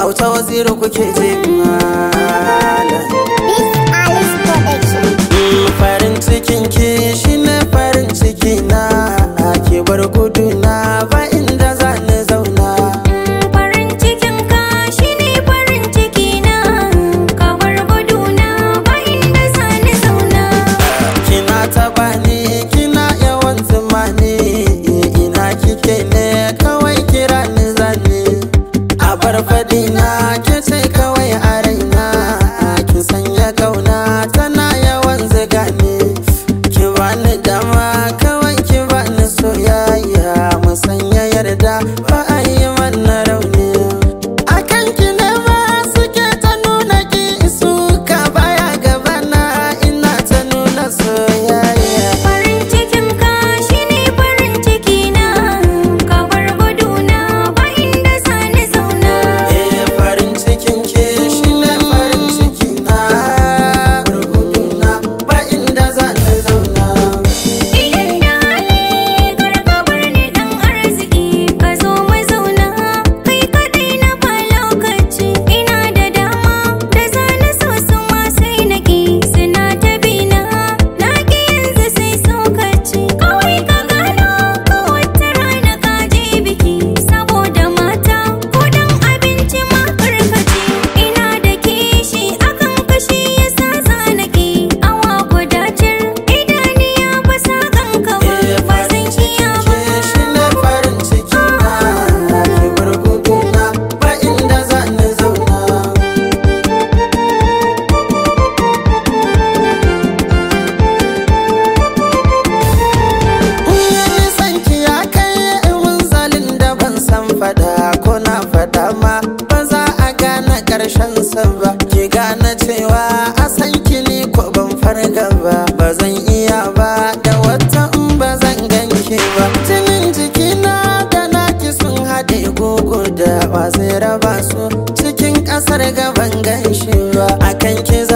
auta waziri kuke je farin cikin ki shi ne farin ciki na ke bar bani dama karshen ba ki gane cewa a san kili ko ban farga ba ba zan iya ba da wata in ba zan ganke ba jinin jikina da na naki sun haɗe gogo da wasu raba su cikin ƙasar gaban ganshi ba akan ki